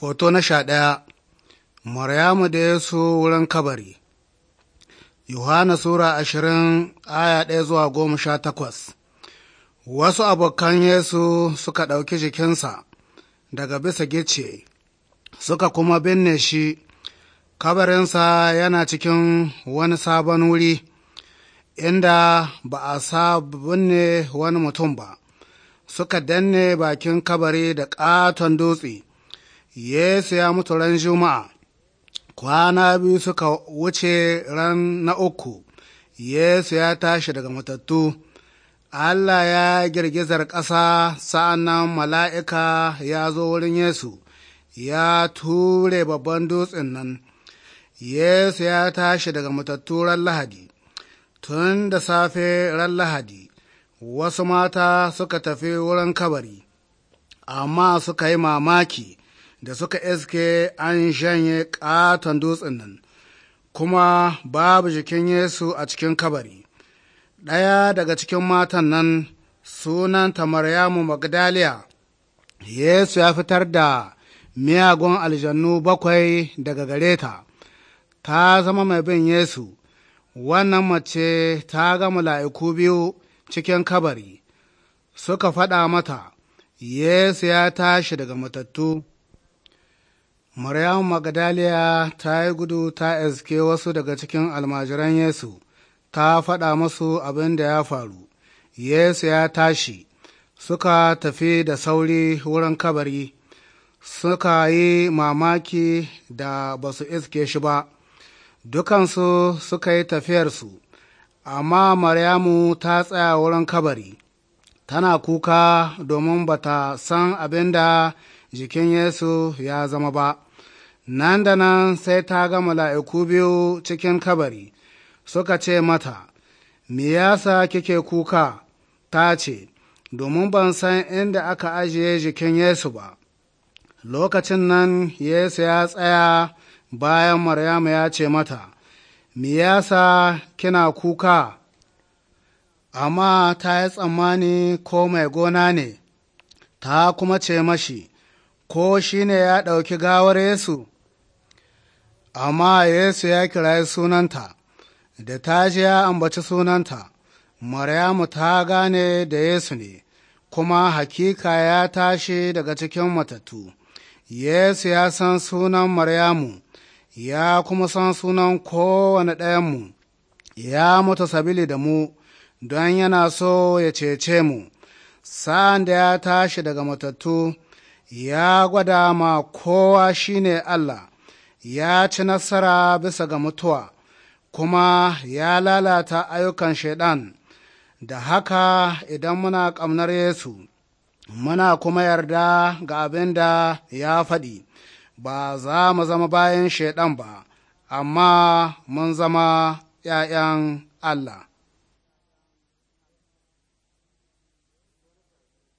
Foto na sha ɗaya Maryamu da Yesu wurin kabari Yohana Sura ashirin aya ɗaya zuwa goma sha takwas Wasu abokan Yesu suka ɗauki jikinsa daga bisa gice suka kuma binne shi kabarinsa yana cikin wani sabon wuri inda ba a sa binne wani mutum ba suka danne bakin kabari da ƙaton dutse Yesu ya mutu ran Juma'a, kwana biyu suka wuce ran na uku, Yesu ya tashi daga matattu, Allah ya girgizar ƙasa sa'an nan mala'ika ya zo wurin Yesu, ya ture babban dutsen nan, Yesu ya tashi daga matattu ran Lahadi, tun da safe ran Lahadi, wasu mata suka tafi wurin kabari, amma suka yi mamaki. da suka iske an shanye ƙaton dutsen nan kuma babu jikin yesu a cikin kabari ɗaya daga cikin matan nan sunanta maryamu magdaliya yesu ya fitar da miyagun aljannu bakwai daga gare ta ta zama mai bin yesu wannan mace ta ga mala'iku biyu cikin kabari suka faɗa mata Yesu ya tashi daga matattu. Maryam Magdaliya ta yi gudu ta iske wasu daga cikin almajiran Yesu, ta faɗa masu abin da ya faru. Yesu ya tashi, suka tafi da sauri wurin kabari, suka yi mamaki da ba su iske shi ba. Dukansu suka yi tafiyarsu, amma Maryamu ta tsaya wurin kabari, tana kuka domin ba ta san abin da jikin Yesu ya zama ba. nan da nan sai ta ga mala'iku biyu cikin kabari suka ce mata, Me yasa kike kuka? ta ce, Domin ban san inda aka ajiye jikin Yesu ba. Lokacin nan Yesu ya tsaya bayan Maryamu ya ce mata, Me yasa kina kuka? Amma ta yi tsammani ko mai gona ne, ta kuma ce mashi, Ko shi ne ya ɗauki gawar Yesu? amma Yesu ya kira sunanta, da ta shi ya ambaci sunanta, Maryamu ta gane da Yesu ne, kuma hakika ya tashi daga cikin matattu. Yesu ya san sunan Maryamu, ya kuma san sunan kowane ɗayanmu, ya mutu sabili da mu, don yana so ya cece mu, sa'an da ya tashi daga matattu, ya gwada ma kowa shine Allah. ya ci nasara bisa ga mutuwa kuma ya lalata ayyukan shaiɗan da haka idan muna ƙamnar Yesu muna kuma yarda ga abin da ya faɗi ba za mu zama bayan shaiɗan ba amma mun zama ‘ya'yan Allah.